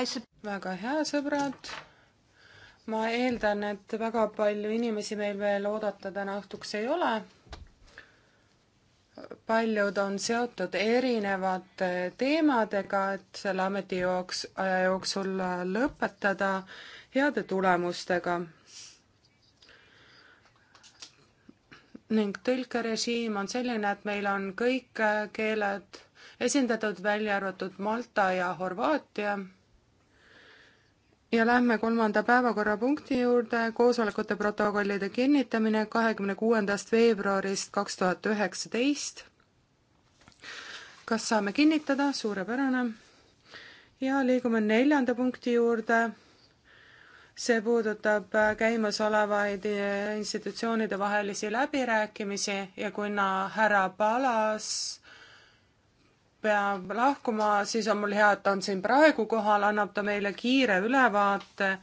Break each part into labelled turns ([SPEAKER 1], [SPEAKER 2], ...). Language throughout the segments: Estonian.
[SPEAKER 1] väga hea, sõbrad. ma eeldan, et väga palju inimesi meil veel oodata täna õhtuks ei ole. paljud on seotud erinevate teemadega, et selle ameti jooks, aja jooksul lõpetada heade tulemustega ning tõlkerežiim on selline, et meil on kõik keeled esindatud, välja arvatud Malta ja Horvaatia ja lähme kolmanda päevakorrapunkti juurde, koosolekute protokollide kinnitamine kahekümne kuuendast veebruarist kaks tuhat üheksateist. kas saame kinnitada, suurepärane. ja liigume neljanda punkti juurde. see puudutab äh, käimasolevaid äh, institutsioonide vahelisi läbirääkimisi ja kuna härra Palas peab lahkuma, siis on mul hea, et ta on siin praegu kohal, annab ta meile kiire ülevaate.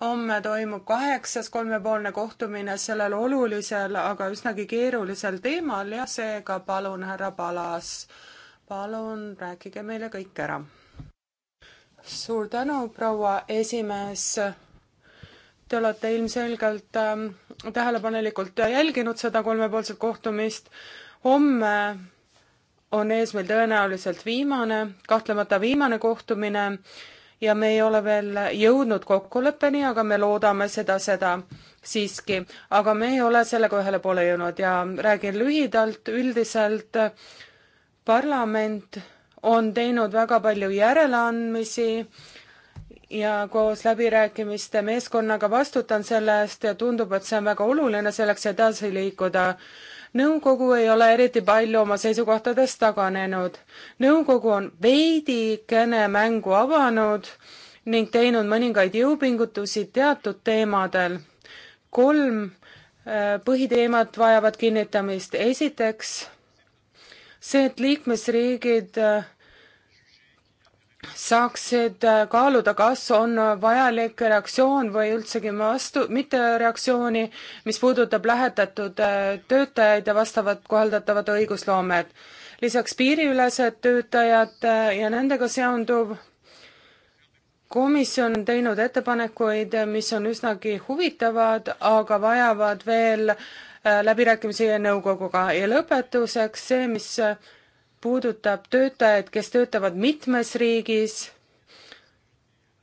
[SPEAKER 1] homme toimub kaheksas kolmepoolne kohtumine sellel olulisel, aga üsnagi keerulisel teemal ja seega palun, härra Palas, palun rääkige meile kõik ära. suur tänu, proua esimees Te olete ilmselgelt ähm, tähelepanelikult jälginud seda kolmepoolset kohtumist. homme on ees meil tõenäoliselt viimane, kahtlemata viimane kohtumine ja me ei ole veel jõudnud kokkuleppeni, aga me loodame seda, seda siiski. aga me ei ole sellega ühele poole jõudnud ja räägin lühidalt, üldiselt parlament on teinud väga palju järeleandmisi ja koos läbirääkimiste meeskonnaga vastutan selle eest ja tundub, et see on väga oluline selleks edasi liikuda. nõukogu ei ole eriti palju oma seisukohtadest taganenud. nõukogu on veidikene mängu avanud ning teinud mõningaid jõupingutusi teatud teemadel. kolm äh, põhiteemat vajavad kinnitamist. esiteks see, et liikmesriigid äh, saaksid äh, kaaluda, kas on vajalik reaktsioon või üldsegi vastu, mitte reaktsiooni, mis puudutab lähetatud äh, töötajaid ja vastavat kohaldatavat õigusloomet. lisaks piiriülesed töötajad äh, ja nendega seonduv komisjon on teinud ettepanekuid, mis on üsnagi huvitavad, aga vajavad veel läbirääkimisi nõukoguga ja lõpetuseks see, mis puudutab töötajaid, kes töötavad mitmes riigis,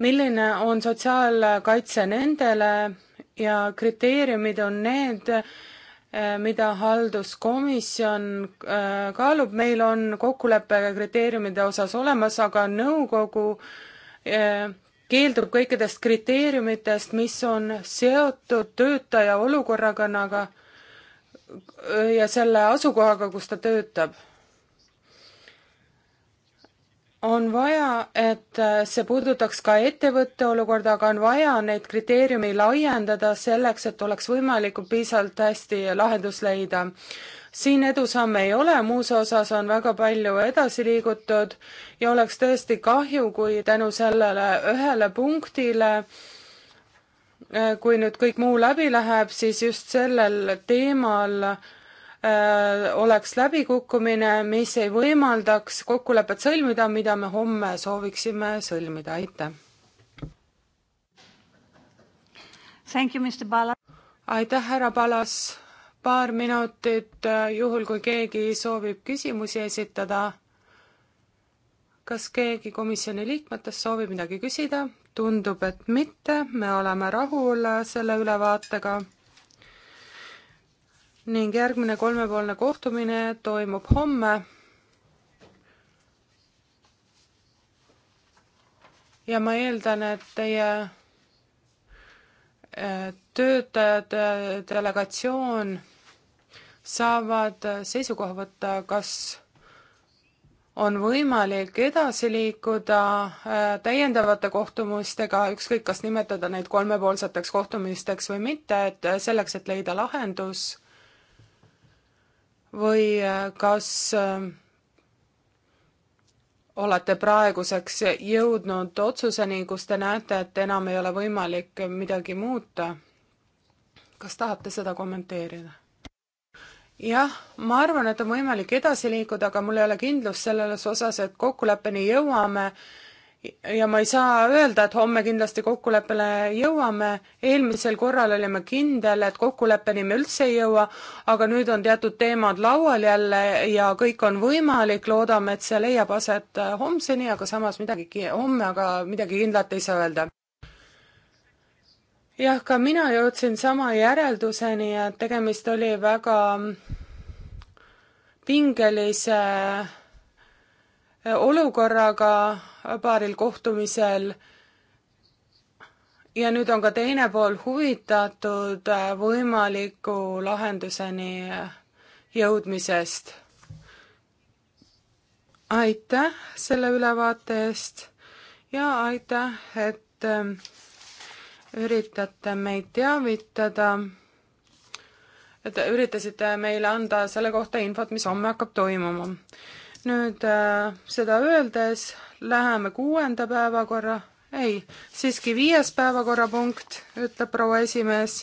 [SPEAKER 1] milline on sotsiaalkaitse nendele ja kriteeriumid on need, mida halduskomisjon äh, kaalub, meil on kokkulepe kriteeriumide osas olemas, aga nõukogu äh, keeldub kõikidest kriteeriumitest, mis on seotud töötaja olukorraga ja selle asukohaga, kus ta töötab on vaja, et äh, see puudutaks ka ettevõtte olukorda, aga on vaja neid kriteeriume laiendada selleks, et oleks võimalik piisavalt hästi lahendus leida. siin edusamme ei ole, muus osas on väga palju edasi liigutud ja oleks tõesti kahju, kui tänu sellele ühele punktile äh, kui nüüd kõik muu läbi läheb, siis just sellel teemal Äh, oleks läbikukkumine, mis ei võimaldaks kokkulepet sõlmida, mida me homme sooviksime sõlmida, aitäh! aitäh, härra Palas! paar minutit, äh, juhul kui keegi soovib küsimusi esitada. kas keegi komisjoni liikmetest soovib midagi küsida? tundub, et mitte, me oleme rahul selle ülevaatega ning järgmine kolmepoolne kohtumine toimub homme. ja ma eeldan, et teie eh, töötajate eh, delegatsioon saavad seisukoha võtta, kas on võimalik edasi liikuda eh, täiendavate kohtumistega, ükskõik, kas nimetada neid kolmepoolseteks kohtumisteks või mitte, et selleks, et leida lahendus või äh, kas äh, olete praeguseks jõudnud otsuseni, kus te näete, et enam ei ole võimalik midagi muuta? kas tahate seda kommenteerida? jah, ma arvan, et on võimalik edasi liikuda, aga mul ei ole kindlust selles osas, et kokkuleppeni jõuame ja ma ei saa öelda, et homme kindlasti kokkuleppele jõuame, eelmisel korral olime kindel, et kokkuleppeni me üldse ei jõua, aga nüüd on teatud teemad laual jälle ja kõik on võimalik, loodame, et see leiab aset homseni, aga samas midagi, homme aga midagi kindlat ei saa öelda. jah, ka mina jõudsin sama järelduseni, et tegemist oli väga pingelise äh, olukorraga paaril kohtumisel ja nüüd on ka teine pool huvitatud võimaliku lahenduseni jõudmisest. aitäh selle ülevaate eest ja aitäh, et ähm, üritate meid teavitada, et üritasite meile anda selle kohta infot, mis homme hakkab toimuma nüüd äh, seda öeldes läheme kuuenda päevakorra, ei, siiski viies päevakorrapunkt, ütleb proua esimees,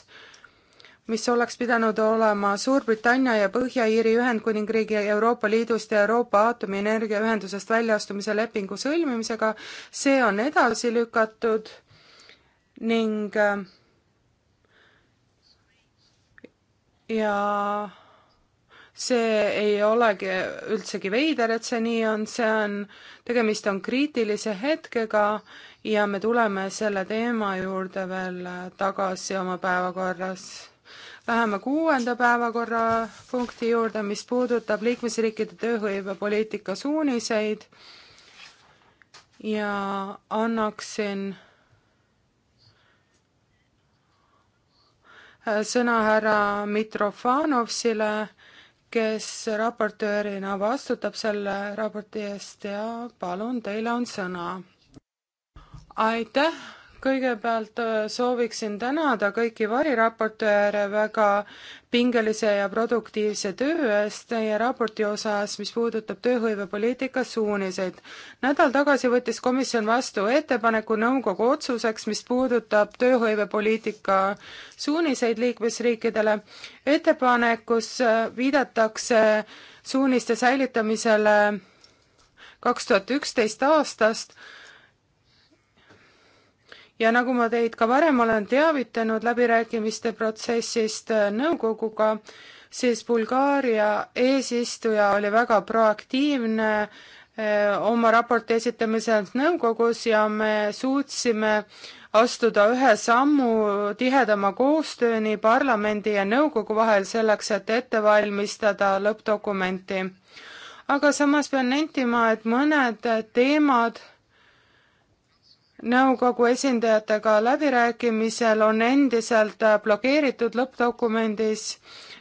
[SPEAKER 1] mis oleks pidanud olema Suurbritannia ja Põhja-Iiri Ühendkuningriigi Euroopa Liidust ja Euroopa Aatomienergia Ühendusest väljaastumise lepingu sõlmimisega, see on edasi lükatud ning äh, ja see ei olegi üldsegi veider, et see nii on, see on, tegemist on kriitilise hetkega ja me tuleme selle teema juurde veel tagasi oma päevakorras. Läheme kuuenda päevakorrapunkti juurde, mis puudutab liikmesriikide tööhõivepoliitika suuniseid ja annaksin sõna härra Mitrofanovsile kes raportöörina vastutab selle raporti eest ja palun, teil on sõna. aitäh kõigepealt äh, sooviksin tänada kõiki variraportööre väga pingelise ja produktiivse töö eest teie raporti osas, mis puudutab tööhõivepoliitika suuniseid. nädal tagasi võttis komisjon vastu ettepaneku nõukogu otsuseks, mis puudutab tööhõivepoliitika suuniseid liikmesriikidele. ettepanekus äh, viidatakse suuniste säilitamisele kaks tuhat üksteist aastast ja nagu ma teid ka varem olen teavitanud läbirääkimiste protsessist äh, nõukoguga, siis Bulgaaria eesistuja oli väga proaktiivne äh, oma raporti esitamisel nõukogus ja me suutsime astuda ühe sammu tihedama koostööni parlamendi ja nõukogu vahel selleks, et ette valmistada lõppdokumenti. aga samas pean nentima, et mõned teemad nõukogu esindajatega läbirääkimisel on endiselt äh, blokeeritud lõppdokumendis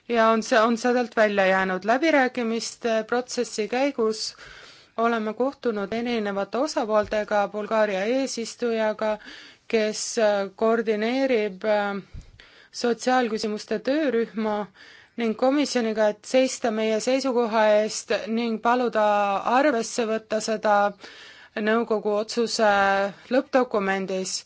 [SPEAKER 1] ja on see, on sedelt välja jäänud. läbirääkimiste protsessi käigus oleme kohtunud erinevate osapooltega, Bulgaaria eesistujaga, kes äh, koordineerib äh, sotsiaalküsimuste töörühma ning komisjoniga, et seista meie seisukoha eest ning paluda arvesse võtta seda nõukogu otsuse lõppdokumendis.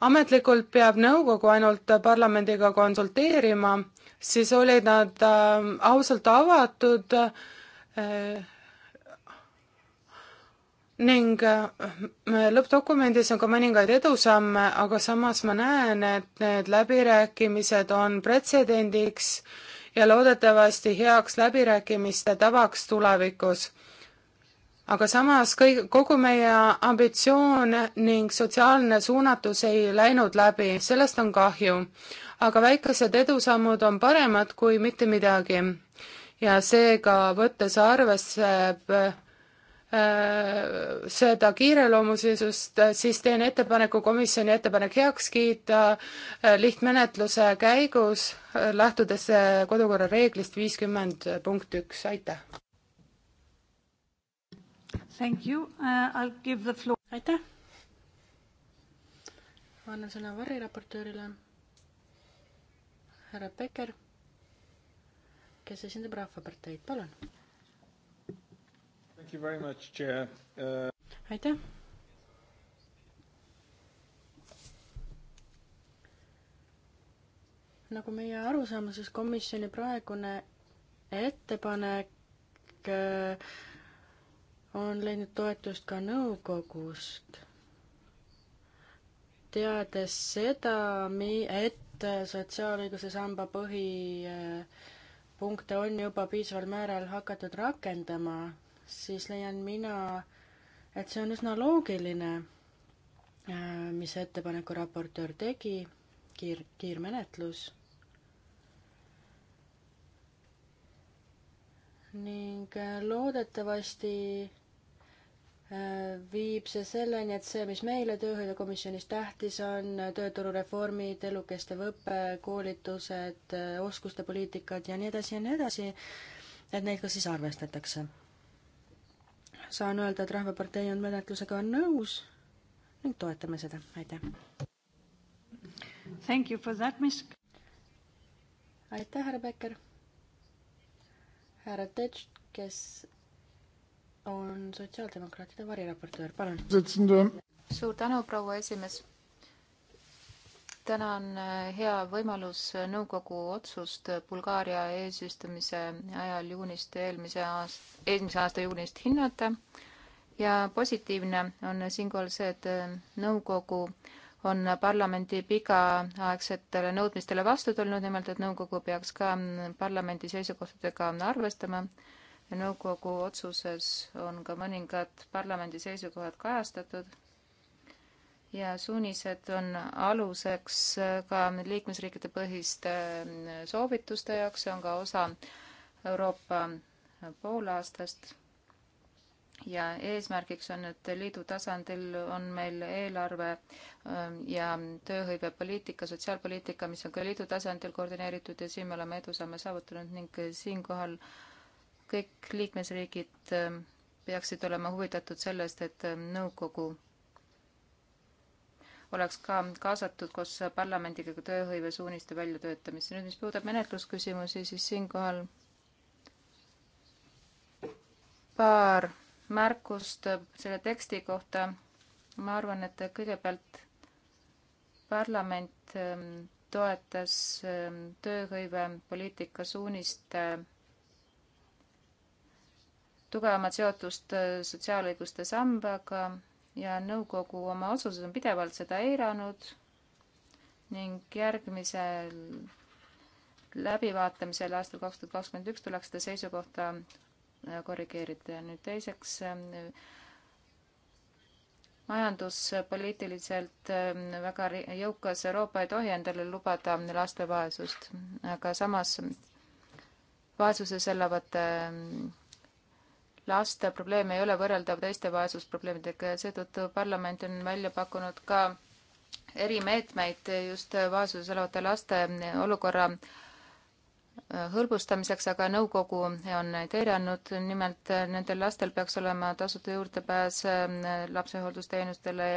[SPEAKER 1] ametlikult peab nõukogu ainult parlamendiga konsulteerima, siis olid nad äh, ausalt avatud äh, ning äh, lõppdokumendis on ka mõningaid edusamme, aga samas ma näen, et need läbirääkimised on pretsedendiks ja loodetavasti heaks läbirääkimiste tavaks tulevikus aga samas kõik, kogu meie ambitsioon ning sotsiaalne suunatus ei läinud läbi, sellest on kahju. aga väikesed edusammud on paremad kui mitte midagi. ja seega, võttes arvesse äh, seda kiireloomulisust, siis teen ettepaneku komisjoni ettepanek heaks kiita äh, lihtmenetluse käigus äh,, lähtudes äh, kodukorra reeglist viiskümmend punkt üks, aitäh!
[SPEAKER 2] Thank you uh,, I will give the floor. aitäh. ma annan sõna variraportöörile, härra Peker, kes esindab Rahvaparteid, palun.
[SPEAKER 1] Thank you very much, chair uh....
[SPEAKER 2] aitäh. nagu meie arusaamises komisjoni praegune ettepanek äh, on leidnud toetust ka nõukogust, teades seda, et sotsiaalõiguse samba põhipunkte on juba piisaval määral hakatud rakendama, siis leian mina, et see on üsna loogiline, äh, mis ettepaneku raportöör tegi, kiir, kiirmenetlus ning äh, loodetavasti viib see selleni, et see, mis meile Tööhõivekomisjonis tähtis on, tööturureformid, elukestev õpe, koolitused, oskuste poliitikad ja nii edasi ja nii edasi, et neid ka siis arvestatakse. saan öelda, et Rahvapartei on menetlusega nõus ning toetame seda, aitäh. Thank you for that, miss. aitäh, härra Becker. härra Tetš, kes
[SPEAKER 3] on sotsiaaldemokraatide variraportöör, palun. suur tänu, proua esimees. tänan äh, hea võimalus äh, nõukogu otsust äh, Bulgaaria eesistumise ajal juunist eelmise aasta, eelmise aasta juunist hinnata ja positiivne on siinkohal see, et nõukogu on parlamendi pikaaegsetele nõudmistele vastu tulnud, nimelt et nõukogu peaks ka mm, parlamendi seisukohtadega arvestama nõukogu otsuses on ka mõningad parlamendi seisukohad kajastatud ja suunised on aluseks ka liikmesriikide põhiste ähm, soovituste jaoks, see on ka osa Euroopa äh, poolaastast ja eesmärgiks on, et liidu tasandil on meil eelarve ähm, ja tööhõivepoliitika, sotsiaalpoliitika, mis on ka liidu tasandil koordineeritud ja siin me oleme edusamme saavutanud ning äh, siinkohal äh, kõik liikmesriigid ähm, peaksid olema huvitatud sellest, et ähm, nõukogu oleks ka kaasatud koos parlamendiga tööhõive suuniste väljatöötamisse. nüüd, mis puudutab menetlusküsimusi, siis siinkohal paar märkust selle teksti kohta. ma arvan, et kõigepealt parlament ähm, toetas tööhõivepoliitika suuniste tugevamat seotust äh, sotsiaalõiguste sambaga ja nõukogu oma otsuses on pidevalt seda eiranud ning järgmisel läbivaatamisel aastal kaks tuhat kakskümmend üks tuleks seda seisukohta äh, korrigeerida. nüüd teiseks äh, majanduspoliitiliselt väga jõukas Euroopa ei tohi endale lubada laste vaesust, aga samas vaesuses elavate laste probleem ei ole võrreldav teiste vaesusprobleemidega ja seetõttu parlament on välja pakkunud ka erimeetmeid just vaesuses elavate laste olukorra hõlbustamiseks, aga nõukogu on neid eiranud, nimelt nendel lastel peaks olema tasuta juurdepääs äh, lapsehooldusteenustele,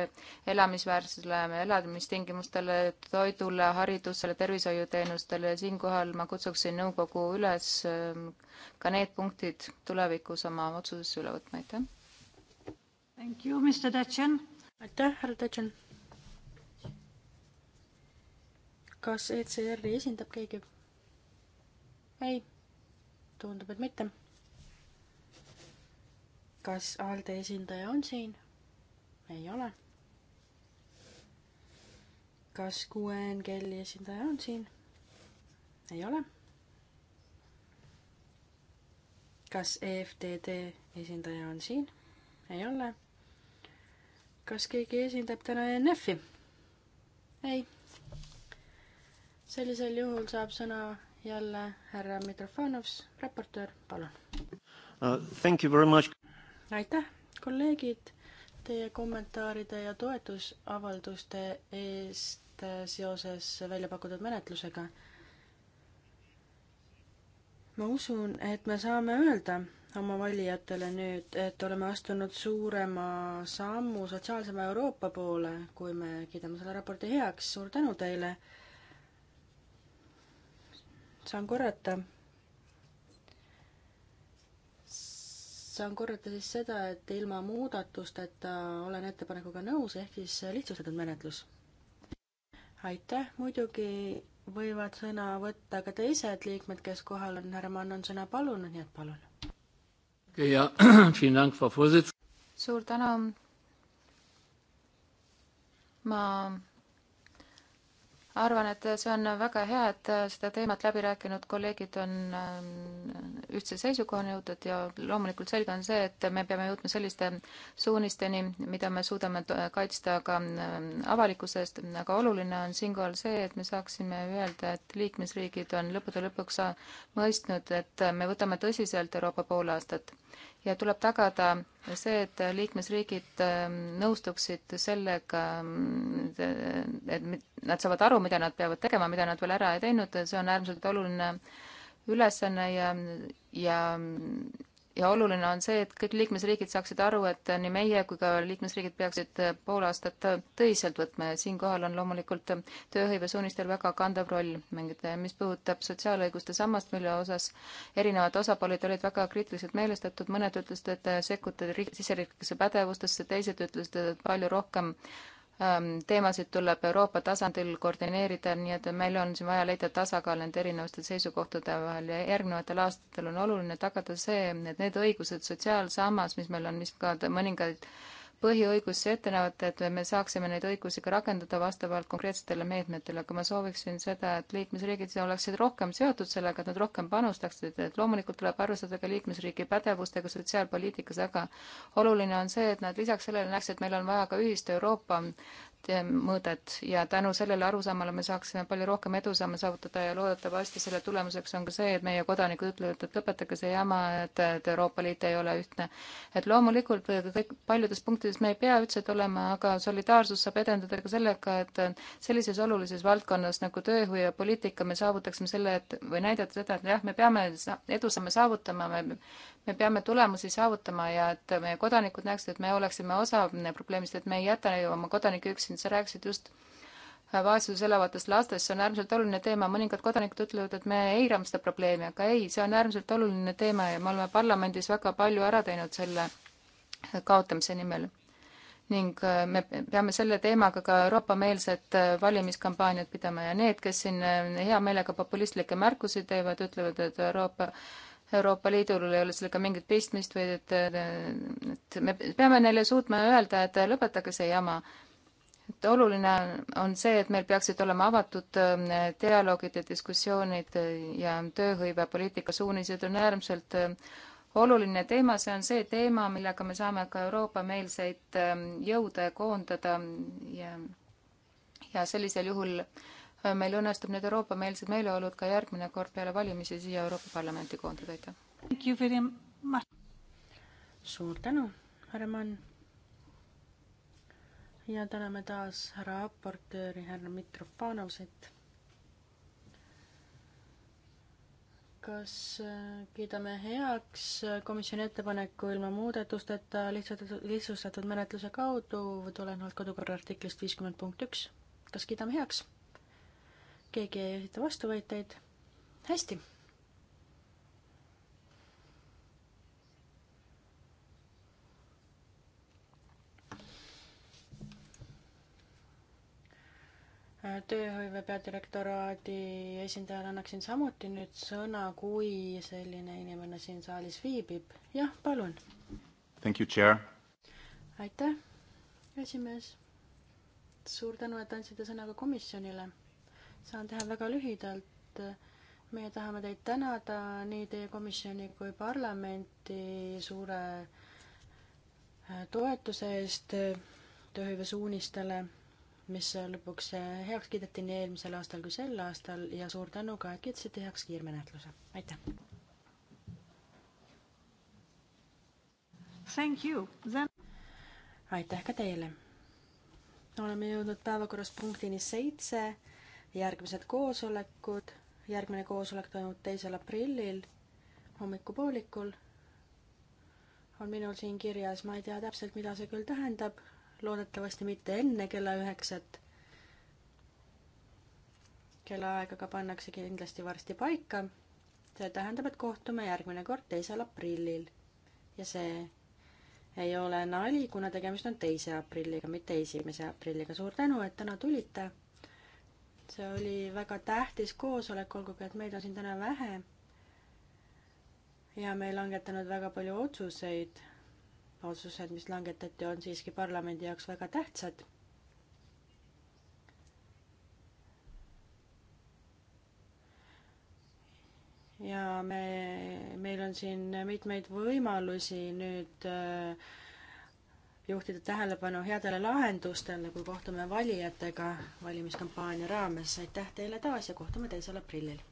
[SPEAKER 3] elamisväärsele elamistingimustele, toidule, haridusele, tervishoiuteenustele ja siinkohal ma kutsuksin nõukogu üles äh, ka need punktid tulevikus oma otsusesse üle võtma, aitäh. Thank you, Mr Tatšen. aitäh, härra Tatšen.
[SPEAKER 2] kas ECR-i esindab keegi? ei, tundub, et mitte. kas ALDE esindaja on siin? ei ole. kas QNGL-i esindaja on siin? ei ole. kas EFTD esindaja on siin? ei ole. kas keegi esindab täna ENF-i? ei. sellisel juhul saab sõna jälle härra Mitrofanovs, raportöör, palun
[SPEAKER 3] uh,. Thank you very much.
[SPEAKER 2] aitäh, kolleegid, teie kommentaaride ja toetusavalduste eest seoses välja pakutud menetlusega. ma usun, et me saame öelda oma valijatele nüüd, et oleme astunud suurema sammu sotsiaalsema Euroopa poole, kui me kiidame selle raporti heaks. suur tänu teile saan korrata? saan korrata siis seda, et ilma muudatusteta olen ettepanekuga nõus, ehk siis lihtsustatud menetlus. aitäh, muidugi võivad sõna võtta ka teised liikmed, kes kohal on, härra Mann on sõna palunud, nii et palun.
[SPEAKER 3] suur tänu. ma arvan, et see on väga hea, et äh, seda teemat läbi rääkinud kolleegid on ähm, ühtse seisukohani jõudnud ja loomulikult selge on see, et me peame jõudma selliste suunisteni, mida me suudame kaitsta ka ähm, avalikkuse eest, aga oluline on siinkohal see, et me saaksime öelda, et liikmesriigid on lõppude lõpuks äh, mõistnud, et äh, me võtame tõsiselt Euroopa poolaastat ja tuleb tagada see, et liikmesriigid ähm, nõustuksid sellega, ähm, et nad saavad aru, mida nad peavad tegema, mida nad veel ära ei teinud, see on äärmiselt oluline ülesanne ja, ja ja oluline on see, et kõik liikmesriigid saaksid aru, et nii meie kui ka liikmesriigid peaksid äh, pool aastat äh, tõsiselt võtma ja siinkohal on loomulikult äh, tööhõivesuunistel väga kandev roll mängida ja mis puudutab sotsiaalõiguste sammast, mille osas erinevad osapooled olid väga kriitiliselt meelestatud, mõned ütlesid, et sekkute siseriiklikusse pädevustesse, teised ütlesid, et palju rohkem Ähm, teemasid tuleb Euroopa tasandil koordineerida, nii et meil on siin vaja leida tasakaal nende erinevate seisukohtade vahel ja järgnevatel aastatel on oluline tagada see, et need õigused sotsiaalsammas, mis meil on, mis ka mõningaid põhiõigusse ette näevad, et me saaksime neid õigusi ka rakendada vastavalt konkreetsetele meetmetele, aga ma sooviksin seda, et liikmesriigid oleksid rohkem seotud sellega, et nad rohkem panustaksid, et loomulikult tuleb arvestada ka liikmesriigi pädevustega sotsiaalpoliitikas, aga oluline on see, et nad lisaks sellele näeks, et meil on vaja ka ühist Euroopa Eh, mõõdet ja tänu sellele arusaamale me saaksime palju rohkem edusamme saavutada ja loodetavasti selle tulemuseks on ka see, et meie kodanikud ütlevad, et lõpetage see jama, et, et Euroopa Liit ei ole ühtne. et loomulikult eh, kõik, paljudes punktides me ei pea üldse tulema, aga solidaarsus saab edendada ka sellega, et sellises olulises valdkonnas nagu tööhoiu ja poliitika me saavutaksime selle, et või näidata seda, et jah, me peame edusamme saavutama, me me peame tulemusi saavutama ja et meie kodanikud näeksid, et me oleksime osa probleemist, et me ei jäta oma kodanikke üksinda, sa rääkisid just vaesuses elavatest lastest, see on äärmiselt oluline teema, mõningad kodanikud ütlevad, et me eirame seda probleemi, aga ei, see on äärmiselt oluline teema ja me oleme parlamendis väga palju ära teinud selle kaotamise nimel. ning äh, me peame selle teemaga ka Euroopa-meelset äh, valimiskampaaniat pidama ja need, kes siin äh, hea meelega populistlikke märkusi teevad, ütlevad, et Euroopa Euroopa Liidul ei ole sellega mingit pistmist või et, et me peame neile suutma öelda, et lõpetage see jama. et oluline on see, et meil peaksid olema avatud äh, dialoogid ja diskussioonid ja tööhõivepoliitika suunised on äärmiselt äh, oluline teema, see on see teema, millega me saame ka Euroopa-meelseid äh, jõude koondada ja, ja sellisel juhul äh, Äh, meil õnnestub need Euroopa-meelsed meeleolud ka järgmine kord peale valimisi siia Euroopa Parlamenti koondada,
[SPEAKER 2] aitäh! suur tänu, härra Mann! ja täname taas raportööri härra Mitrofanovsit. kas äh, kiidame heaks komisjoni ettepaneku ilma muudatusteta lihtsalt, lihtsustatud menetluse kaudu tulenevalt kodukorra artiklist viiskümmend punkt üks, kas kiidame heaks? keegi ei esita vastuväiteid. hästi. tööhõive peadirektoraadi esindajale annaksin samuti nüüd sõna, kui selline inimene siin saalis viibib. jah, palun. aitäh, esimees. suur tänu, et andsite sõna ka komisjonile saan teha väga lühidalt. meie tahame teid tänada, nii teie komisjoni kui parlamenti suure äh, toetuse eest äh, tööhõive suunistele, mis lõpuks äh, heaks kiideti nii eelmisel aastal kui sel aastal ja suur tänu ka, et kiitsite heaks kiirmenetluse. aitäh! Thank you Then.... aitäh ka teile. oleme jõudnud päevakorras punktini seitse järgmised koosolekud, järgmine koosolek toimub teisel aprillil hommikupoolikul. on minul siin kirjas, ma ei tea täpselt, mida see küll tähendab, loodetavasti mitte enne kella üheksat. kellaaeg aga pannakse kindlasti varsti paika. see tähendab, et kohtume järgmine kord teisel aprillil ja see ei ole nali, kuna tegemist on teise aprilliga, mitte esimese aprilliga. suur tänu, et täna tulite see oli väga tähtis koosolek, olgugi et meid on siin täna vähe. ja me ei langetanud väga palju otsuseid. otsused, mis langetati, on siiski parlamendi jaoks väga tähtsad. ja me, meil on siin mitmeid võimalusi nüüd äh, juhtida tähelepanu headele lahendustele, kui kohtume valijatega valimiskampaania raames. aitäh teile taas ja kohtume teisel aprillil!